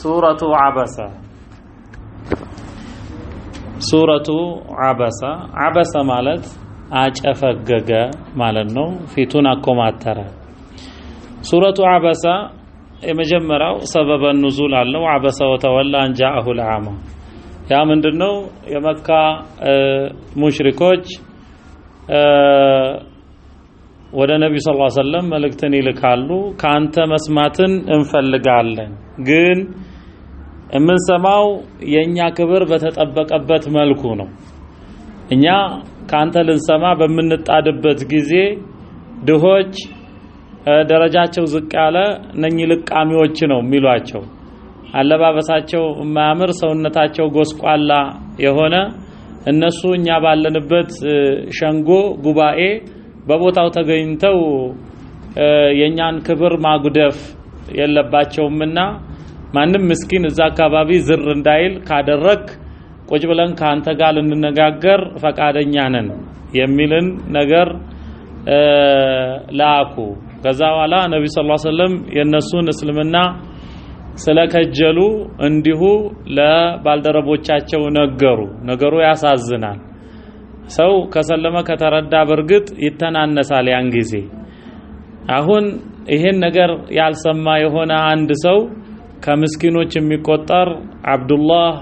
ሱረቱ አበሰ ሱረቱ አበሰ አበሰ ማለት አጨፈገገ ማለት ነው። ፊቱን አኮማተረ። ሱረቱ አበሰ የመጀመሪያው ሰበበ ኑዙል አለው። አበሰ ወተወላ አን ጃአሁ ልአማ። ያ ምንድነው? የመካ ሙሽሪኮች ወደ ነቢዩ ሰለላሁ ዐለይሂ ወሰለም መልእክትን ይልካሉ። ካንተ መስማትን እንፈልጋለን፣ ግን የምንሰማው የኛ ክብር በተጠበቀበት መልኩ ነው። እኛ ካንተ ልንሰማ በምንጣድበት ጊዜ ድሆች፣ ደረጃቸው ዝቅ ያለ እነኚህ ልቃሚዎች ነው የሚሏቸው። አለባበሳቸው የማያምር ሰውነታቸው ጎስቋላ የሆነ እነሱ እኛ ባለንበት ሸንጎ ጉባኤ በቦታው ተገኝተው የእኛን ክብር ማጉደፍ የለባቸውምና ማንም ምስኪን እዛ አካባቢ ዝር እንዳይል ካደረግ ቁጭ ብለን ከአንተ ጋር ልንነጋገር ፈቃደኛ ነን የሚልን ነገር ላኩ። ከዛ በኋላ ነቢ ስ ዐለይሂ የእነሱን እስልምና ስለከጀሉ እንዲሁ ለባልደረቦቻቸው ነገሩ። ነገሩ ያሳዝናል። ሰው ከሰለመ ከተረዳ በእርግጥ ይተናነሳል። ያን ጊዜ አሁን ይሄን ነገር ያልሰማ የሆነ አንድ ሰው ከምስኪኖች የሚቆጠር አብዱላህ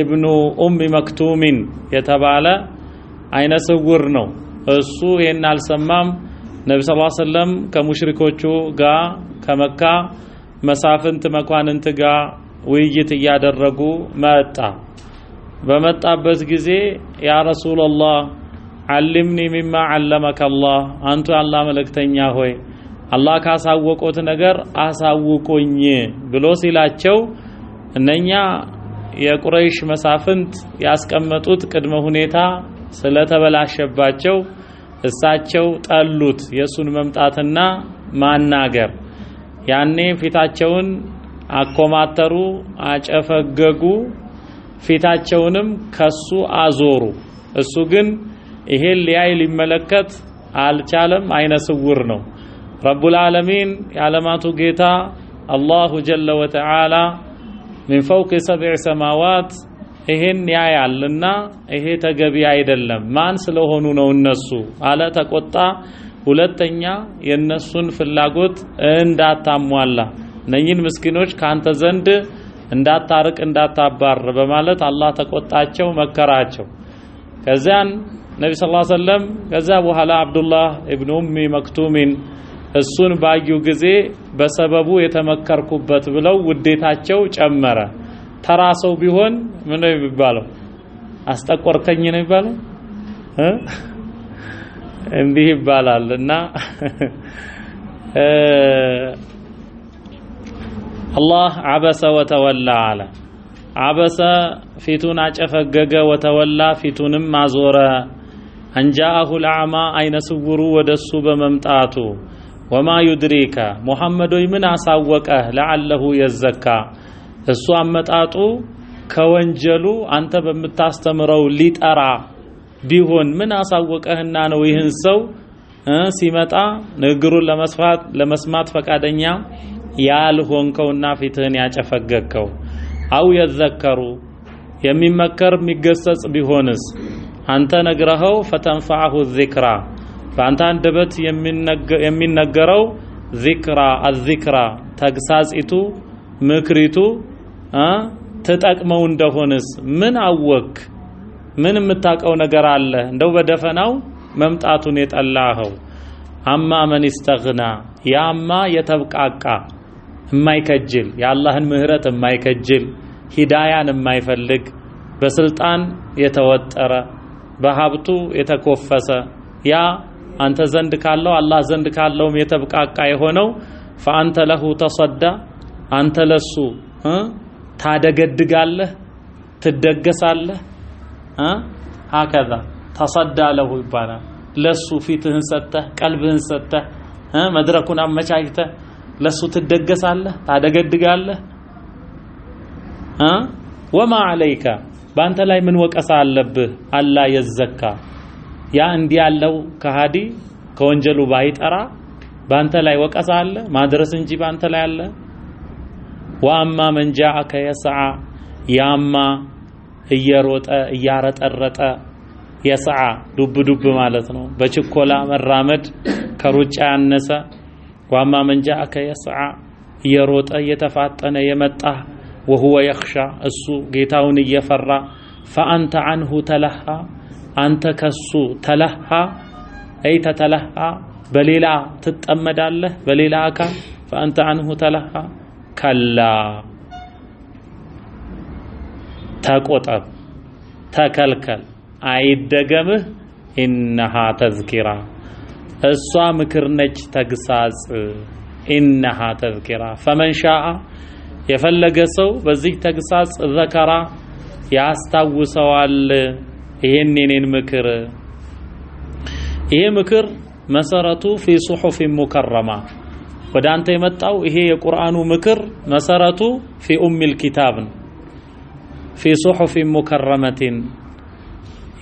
ኢብኑ ኡሚ መክቱሚን የተባለ አይነ ስውር ነው። እሱ ይሄን አልሰማም። ነቢ ስ ሰለም ከሙሽሪኮቹ ጋር ከመካ መሳፍንት መኳንንት ጋር ውይይት እያደረጉ መጣ። በመጣበት ጊዜ ያ ረሱላላህ አልምኒ ሚማ አለመከ አላህ አንቱ የአላህ መልእክተኛ ሆይ አላህ ካሳወቆት ነገር አሳውቆኝ ብሎ ሲላቸው እነኛ የቁረይሽ መሳፍንት ያስቀመጡት ቅድመ ሁኔታ ስለተበላሸባቸው እሳቸው ጠሉት የእሱን መምጣትና ማናገር። ያኔ ፊታቸውን አኮማተሩ፣ አጨፈገጉ። ፊታቸውንም ከሱ አዞሩ። እሱ ግን ይሄን ሊያይ ሊመለከት አልቻለም። አይነ ስውር ነው። ረቡል ዓለሚን የዓለማቱ ጌታ አላሁ ጀለ ወተዓላ ሚን ፈውቅ ሰብዕ ሰማዋት ይሄን ያያልና ይሄ ተገቢ አይደለም። ማን ስለሆኑ ነው እነሱ አለ፣ ተቆጣ። ሁለተኛ የእነሱን ፍላጎት እንዳታሟላ እነኝን ምስኪኖች ካንተ ዘንድ እንዳታርቅ እንዳታባር በማለት አላህ ተቆጣቸው፣ መከራቸው። ከዚያን ነቢ ስ ሰለም ከዛ በኋላ አብዱላህ ኢብኑ ኡሚ መክቱሚን እሱን ባዩ ጊዜ በሰበቡ የተመከርኩበት ብለው ውዴታቸው ጨመረ። ተራ ሰው ቢሆን ምን ነው የሚባለው? አስጠቆርከኝ ነው የሚባለው። እንዲህ ይባላል እና አላህ አበሰ ወተወላ አለ። አበሰ ፊቱን አጨፈገገ፣ ወተወላ ፊቱንም አዞረ። አንጃአሁ ለአዕማ አይነ ስውሩ ወደሱ በመምጣቱ ወማ ዩድሪከ ሙሐመዶይ ምን አሳወቀህ ለዓለሁ የዘካ እሱ አመጣጡ ከወንጀሉ አንተ በምታስተምረው ሊጠራ ቢሆን ምን አሳወቀህና ነው ይህን ሰው ሲመጣ ንግግሩን ለመስማት ፈቃደኛ ያልሆንከውና ፊትህን ያጨፈገግከው አው የዘከሩ የሚመከር የሚገሰጽ ቢሆንስ አንተ ነግረኸው ፈተንፈዐሁ ዚክራ በአንተ አንደበት የሚነገረው ዚክራ አዚክራ ተግሳጺቱ ምክሪቱ ትጠቅመው እንደሆንስ ምን አወክ? ምን የምታውቀው ነገር አለ? እንደው በደፈናው መምጣቱን የጠላኸው አማ መን ስተግና ያማ የተብቃቃ የማይከጅል የአላህን ምህረት የማይከጅል ሂዳያን የማይፈልግ በስልጣን የተወጠረ በሀብቱ የተኮፈሰ ያ አንተ ዘንድ ካለው አላህ ዘንድ ካለውም የተብቃቃ የሆነው ፈአንተ ለሁ ተሰዳ አንተ ለሱ ታደገድጋለህ፣ ትደገሳለህ። ሀከዛ ተሰዳ ለሁ ይባላል። ለሱ ፊትህን ሰጥተህ ቀልብህን ሰጥተህ መድረኩን አመቻችተህ ለሱ ትደገሳለህ፣ ታደገድጋለህ። ወማ አለይከ በአንተ ላይ ምን ወቀሳ አለብህ? አላ የዘካ ያ እንዲህ ያለው ከሃዲ ከወንጀሉ ባይጠራ በአንተ ላይ ወቀሳ አለ ማድረስ እንጂ በአንተ ላይ አለ። ወአማ መን ጃአከ የስዓ ያማ እየሮጠ እያረጠረጠ የስዓ ዱብ ዱብ ማለት ነው። በችኮላ መራመድ ከሩጫ ያነሰ واما من جاءك يسعى يروت يتفاتن يمتع وهو يخشى السو جيتاون يفرى فانت عنه تلهى انت كسو تلهى اي تتلهى بليلا تتأمد الله بليلا كا فانت عنه تلهى كلا تاكوتاب تاكالكال عيد دقمه انها تذكره እሷ ምክር ነች፣ ተግሳጽ ኢነሃ ተዝኪራ ፈመን ሻአ የፈለገ ሰው በዚህ ተግሳጽ ዘከራ ያስታውሰዋል። ይሄን የኔን ምክር ይሄ ምክር መሰረቱ ፊ ሱሑፍ ሙከረማ ወደ አንተ የመጣው ይሄ የቁርአኑ ምክር መሰረቱ ፊ ኡሚል ኪታብ ፊ ሱሑፍ ሙከረመቲን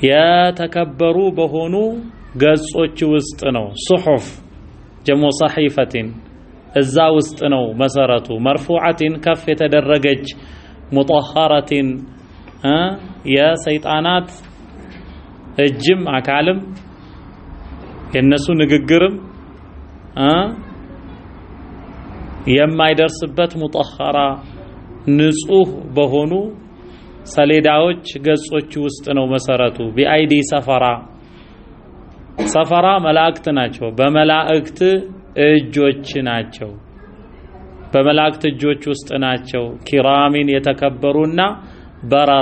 የተከበሩ በሆኑ ገጾች ውስጥ ነው። ሱሑፍ ጀሞ ሰሒፈቲን እዛ ውስጥ ነው መሰረቱ። መርፉዓቲን ከፍ የተደረገች ሙጠኸረቲን የሰይጣናት እጅም አካልም የነሱ ንግግርም የማይደርስበት ሙጠኸራ ንጹህ በሆኑ ሰሌዳዎች ገጾች ውስጥ ነው መሰረቱ። ቢአይዲ ሰፈራ ሰፈራ መላእክት ናቸው። በመላእክት እጆች ናቸው። በመላእክት እጆች ውስጥ ናቸው። ኪራሚን የተከበሩና በራ